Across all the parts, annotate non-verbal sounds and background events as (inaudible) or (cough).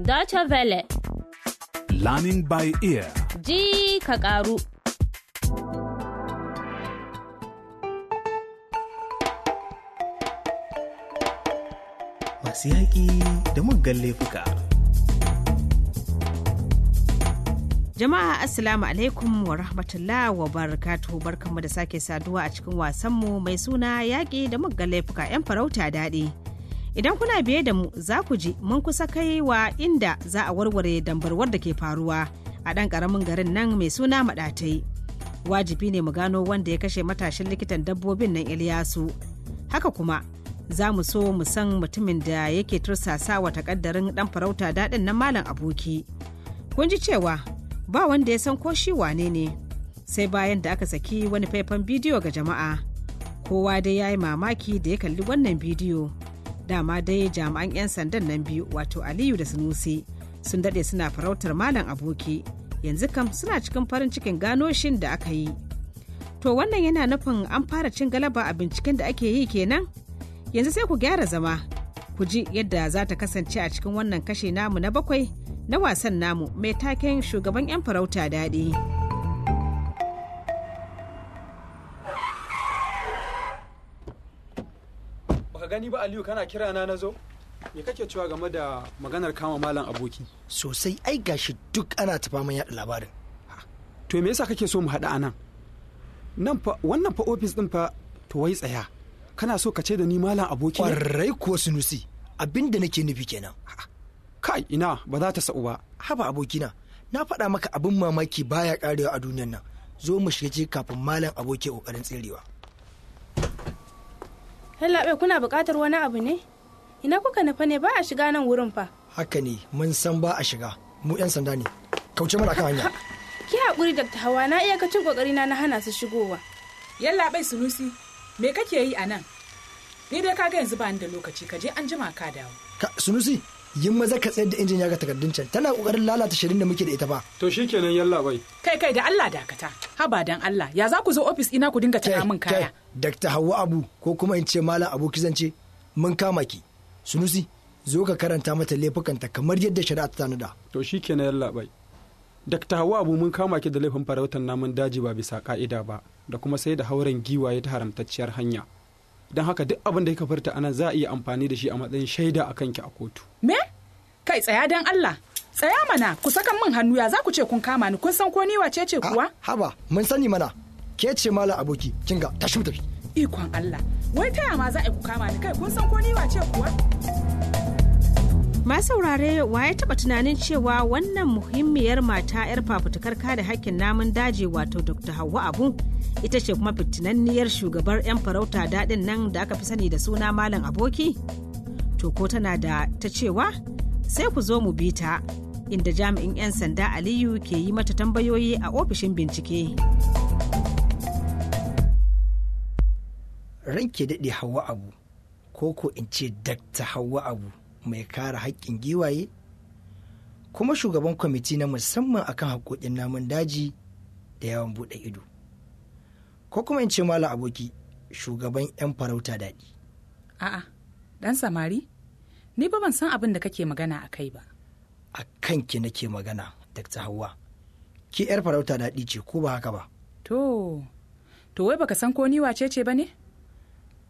Deutsche Welle. Learning by ear. Ji ka karu. Masu yaƙi da muggan laifuka. Jama'a Assalamu alaikum wa rahmatullah wa barakatuhu barkanmu da sake saduwa a cikin wasanmu mai suna yaƙi da muggan laifuka 'yan farauta daɗi. Idan kuna biye da mu za ku ji mun kusa kai wa inda za a warware dambarwar da ke faruwa a ɗan ƙaramin garin nan mai suna maɗatai. Wajibi ne mu gano wanda ya kashe matashin likitan dabbobin nan Iliyasu. Haka kuma za mu so mu san mutumin da yake tursasa wa takaddarin ɗan farauta daɗin nan malam aboki. Kun ji cewa ba wanda ya san ko shi wane ne sai bayan da aka saki wani faifan bidiyo ga jama'a. Kowa dai ya yi mamaki da ya kalli wannan bidiyo. dama dai jami'an 'yan sandan nan biyu wato aliyu da sunusi sun daɗe suna farautar malam aboki yanzu kam suna cikin farin cikin gano shin da aka yi to wannan yana nufin an fara cin galaba a binciken da ake yi kenan yanzu sai ku gyara zama ku ji yadda za ta kasance a cikin wannan kashe namu na bakwai na wasan namu mai taken shugaban 'yan farauta daɗi. gani ba aliyu kana kira na zo? me kake cewa game da maganar kama malam aboki sosai ai gashi duk ana tafa man yada labarin to me yasa kake so mu haɗa anan nan fa wannan fa ofis din fa to wai tsaya kana so ka ce da ni malam aboki kwarai ko sunusi abinda nake nufi kenan kai ina ba za ta sa'u ba haba abokina na faɗa maka abin mamaki baya karewa a duniyar nan zo mu shiga kafin malam aboki kokarin tserewa yallabai kuna buƙatar wani abu ne? Ina kuka nufa ne ba a shiga nan wurin fa. Haka ne, mun san ba a shiga. Mu 'yan sanda ne. Kauce mana kan hanya. (laughs) Ki haƙuri da hawa na iya iyakacin kokari na hana su shigowa. yallabai Sunusi, me kake yi a nan? Ni dai kaga yanzu ba ni da lokaci ka je an jima ka dawo. Sunusi, yin maza ka tsayar da injin ya ga takardun can tana kokarin lalata shirin da muke da ita ba. To shikenan yalla bai. Kai kai da Allah dakata. Haba dan Allah, ya za ku zo ofis ina ku dinga tana min kaya. Dr. Hawwa Abu ko kuma in ce Malam Abu Kizance mun kama ki. Sunusi zo ka karanta mata laifukanta kamar yadda shari'a ta tanada. To shi kenan yalla bai. Dr. Hawwa Abu mun kama ki da laifin farautar namun daji ba bisa ka'ida ba da kuma sai da hauren giwaye ta haramtacciyar hanya. Don haka duk abin da ya kafarta anan za a iya amfani da shi a matsayin shaida a kanki a kotu. Me? Kai tsaya don Allah. Tsaya mana ku saka min hannu ya za ku ce kun kama ni kun san ko ni wace ce kuwa? Ah, haba mun sani mana. ke ce mala aboki kin ga tashi mu ikon Allah wai ta ma za a ku kama ni kai kun san ko ni wace kuwa ma saurare wa ya taba tunanin cewa wannan muhimmiyar mata 'yar fafutukar kada hakkin namun daji wato dr hawa abu ita ce kuma fitinanniyar shugabar 'yan farauta daɗin nan da aka fi sani da suna malam aboki to ko tana da ta cewa sai ku zo mu bita inda jami'in 'yan sanda aliyu ke yi mata tambayoyi a ofishin bincike. ranke daɗe hawa abu ko ko in ce dakta hawa abu mai kare haƙƙin giwaye kuma shugaban kwamiti na musamman akan haƙoƙin namun daji da yawan buɗe ido ko kuma in ce mala aboki shugaban 'yan farauta daɗi a'a ɗan samari ni ba ban san abin da kake magana a kai ba a kanki nake magana dakta hawa ki 'yar farauta daɗi ce ko ba haka ba to to wai baka san ko ni wace ce ba ne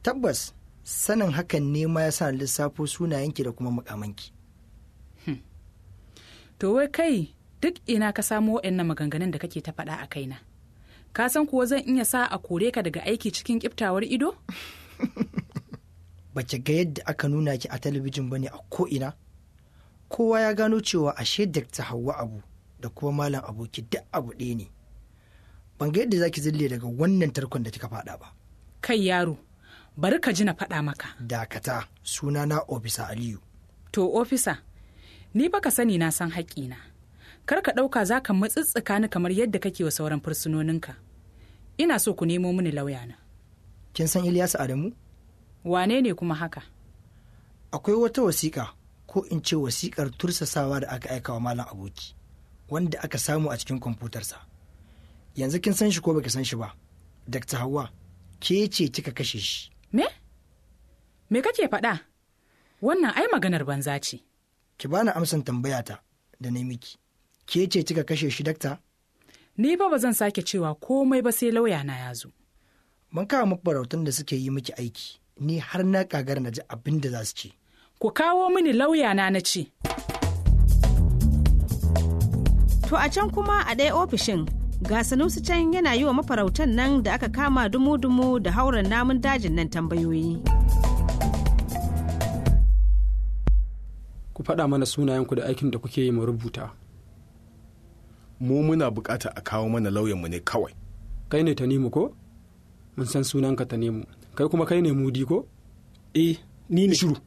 tabbas sanin hakan ne ma ya sa lissafo sunayenki da kuma mukamanki hmm. to wai kai duk ina ka samo waɗannan maganganun da kake ta faɗa a kaina ka san kuwa zan iya sa a kore ka daga aiki cikin kiftawar ido (laughs) bace ga yadda aka nuna ki a talabijin bane a ko'ina kowa ya gano cewa ashe ta hawa abu da kuma malam aboki duk abu ɗaya ne ban ga yadda za ki zille daga wannan tarkon da kika faɗa ba kai yaro bari ka ji na faɗa maka dakata sunana ofisa aliyu to ofisa ni baka sani na san haƙƙina kar ka ɗauka za ka matsitsika ni kamar yadda kake wa sauran fursunoninka ina so ku nemo mini lauyana kin san Ilyasu Adamu? Wane ne kuma haka? Akwai wata wasiƙa ko in ce wasiƙar tursasawa da aka aika wa malam aboki wanda aka samu a cikin kwamfutarsa. Yanzu kin san shi ko baki san shi ba, Dakta Hawwa, ke ce kika kashe shi. Me? Me kake faɗa? Wannan ai maganar banza ce. Ki bani amsan tambayata da na miki. Ke ce kika kashe shi dakta? Ni fa ba zan sake cewa komai ba sai lauya na ya zo. Ban kawo mafarautan da suke yi miki aiki, ni har na kagar na ji abin da za su ce. Ku kawo mini lauya na na ce. To a can kuma a ɗaya ofishin ga sanusi can yana yi wa mafarautan nan da aka kama dumu-dumu da hauren namun dajin nan tambayoyi ku faɗa mana sunayenku da aikin da kuke yi mu rubuta mu muna bukata a kawo mana lauyanmu ne kawai kai ne tanimu ko mun san sunanka tanimu kai kuma kai ne mudi ko eh ni ne shiru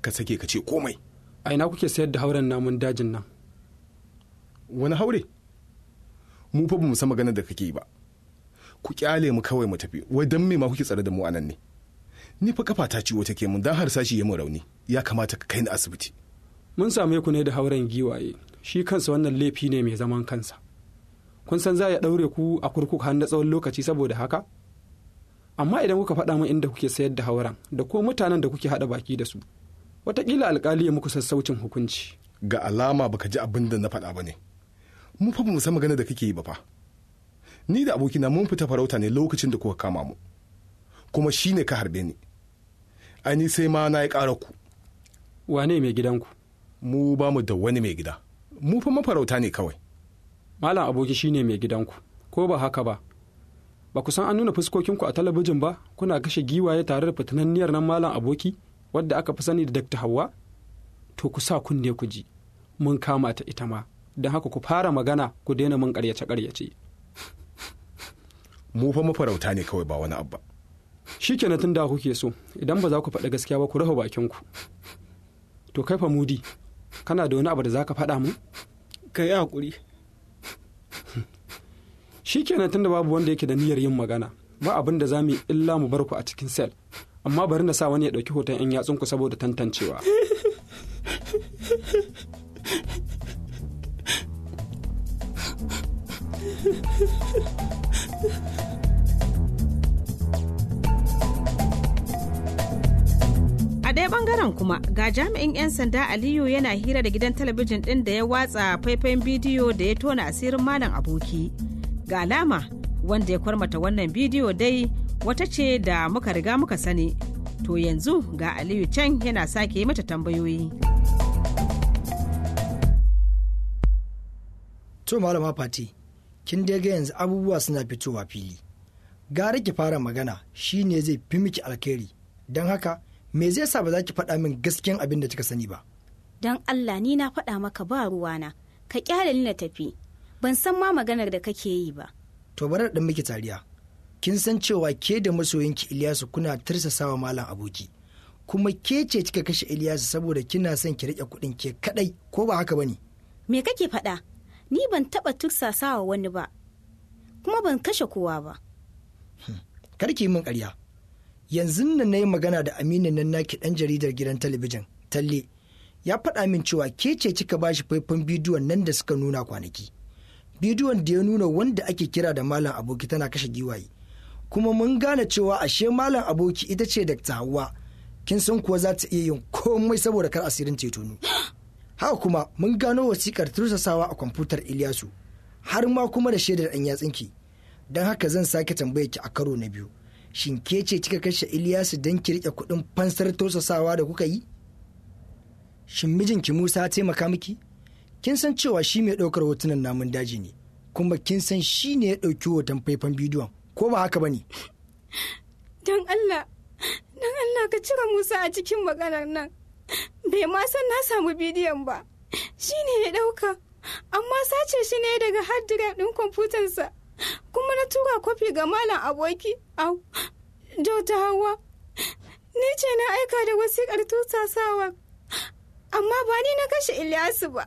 ka sake ka ce komai a ina kuke sayar da hauren namun dajin nan wani haure mu fa bamu san maganar da kake yi ba ku kyale mu kawai mu tafi wai dan me ma kuke tsare da mu anan ne ni fa kafa ta ciwo take mun dan har sashi ya mu rauni ya kamata ka kai ni asibiti mun same ku ne da hauren giwaye shi kansa wannan laifi ne mai zaman kansa kun san za ya daure ku a kurkuku har na tsawon lokaci saboda haka amma idan kuka faɗa min inda kuke sayar da hauren da ko mutanen da kuke haɗa baki da su watakila alƙali ya muku sassaucin hukunci ga alama baka ji abin da na faɗa ba ne mun fa mu san magana da kake yi ba fa ni da abokina mun fita farauta ne lokacin da kuka kama mu kuma shi ne ka harbe ni ani sai ma na yi ƙara ku wane mai gidanku mu ba mu da wani mai gida mu fa mafarauta ne kawai malam aboki shi ne mai gidanku ko ba haka ba ba ku san an nuna fuskokinku a talabijin ba kuna kashe giwaye tare da fitananniyar nan malam aboki wadda aka fi sani da dr hawa to ku sa kunne ku ji mun kama ta ita ma don haka ku fara magana ku daina min karyace karyace mu fa mafarauta ne kawai ba wani abu ba shikenan tun da kuke so idan ba za ku faɗi gaskiya ba ku raha bakin ku to kai fa mudi kana da wani abu da za ka faɗa mu kai hakuri shikenan tun da babu wanda yake da niyyar yin magana ba abin da za mu illa mu bar ku a cikin sel amma bari na sa wani ya ɗauki hoton 'yan yatsunku saboda tantancewa (laughs) a ɗaya bangaren kuma ga jami'in 'yan sanda aliyu yana hira da gidan talabijin ɗin da ya watsa faifan bidiyo da ya tona asirin malam aboki ga alama wanda ya kwarmata wannan bidiyo dai wata ce da muka riga muka sani to yanzu ga aliyu can yana sake mata tambayoyi to malama fati kin dai ga yanzu abubuwa suna fitowa fili gara ki fara magana shi ne zai fi miki alkhairi don haka me zai sa ba za ki faɗa min gaskiyan abin da kika sani ba don allah ni na faɗa maka ba ruwana ka kyale ni na tafi ban san ma maganar da kake yi ba to bari da miki tariya kin san cewa ke da masoyinki Iliyasu kuna tirsasawa malam aboki kuma ke ce kika kashe Iliyasu saboda kina son ki riƙe kuɗin ke kaɗai, ko ba haka bane me kake faɗa ni ban taɓa tursasawa wani ba kuma ban kashe kowa ba hmm. karki min karya. yanzu nan na yi magana da aminu nan naki ɗan jaridar gidan talabijin talle ya faɗa min cewa ke ce kika ba shi faifan bidiyon nan da suka nuna kwanaki bidiyon da ya nuna wanda ake kira da malam aboki tana kashe giwaye kuma mun gane cewa ashe malam aboki ita ce da hawa kin san kuwa za ta iya yin komai saboda kar asirin ceto (gasps) haka kuma mun gano wasikar tursasawa a kwamfutar iliyasu har ma kuma da shaidar ɗan yatsinki don haka zan sake tambaya ki a karo na biyu shin ke ce kika kashe iliyasu don ki rike kuɗin fansar tursasawa da kuka yi shin mijinki Musa ya taimaka miki kin san cewa shi mai ɗaukar hotunan namun daji ne kuma kin san shi ne ya ɗauki hoton faifan bidiyon ko ba haka bane? (laughs) don Allah don Allah ka cire Musa a cikin maganar nan bai ma san na samu bidiyon ba shi ne ya ɗauka amma sace shi ne daga hard drive ɗin kwamfutansa kuma na tura kwafi ga malam aboki au ta hawa ni ce na aika da wasiƙar tutasawa amma ba ni na kashe Ilyasu ba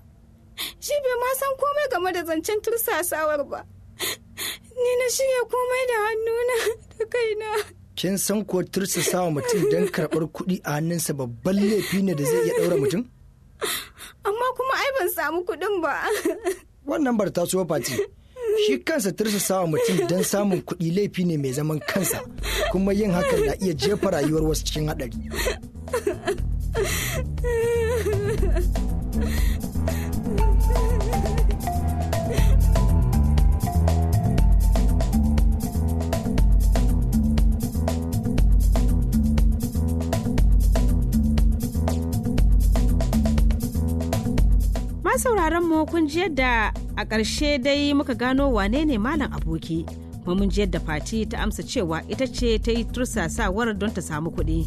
shi bai ma san komai game da zancen tursasawar ba ni na shirya komai da hannuna (laughs) da kaina kin san ko sa wa mutum don karɓar kuɗi a hannunsa babban laifi ne da zai iya ɗaura mutum? Amma kuma ai ban samu kuɗin ba. Wannan bar ta suwa fati. Shi kansa sa wa mutum don samun kuɗi laifi ne mai zaman kansa, kuma yin hakan na iya jefa rayuwar wasu cikin haɗari. kun ji yadda a ƙarshe dai muka gano wane ne malam aboki kuma mun ji yadda fati ta amsa cewa ita ce ta yi tursasawar don ta samu kuɗi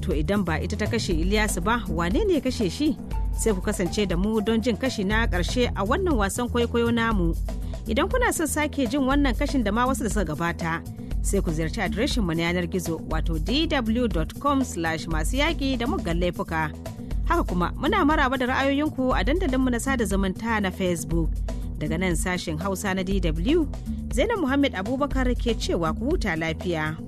to idan ba ita ta kashe iliyasu ba wane ne kashe shi sai ku kasance da mu don jin kashi na ƙarshe a wannan wasan kwaikwayo namu idan kuna son sake jin wannan kashin da ma wasu da suka gabata sai ku ziyarci mu na yanar gizo wato dw.com slash masu yaƙi da muggan laifuka Haka kuma muna maraba da ra'ayoyinku a dandalinmu na sada zumunta na Facebook. Daga nan sashen Hausa na DW, Zainab Muhammad Abubakar ke cewa ku huta lafiya.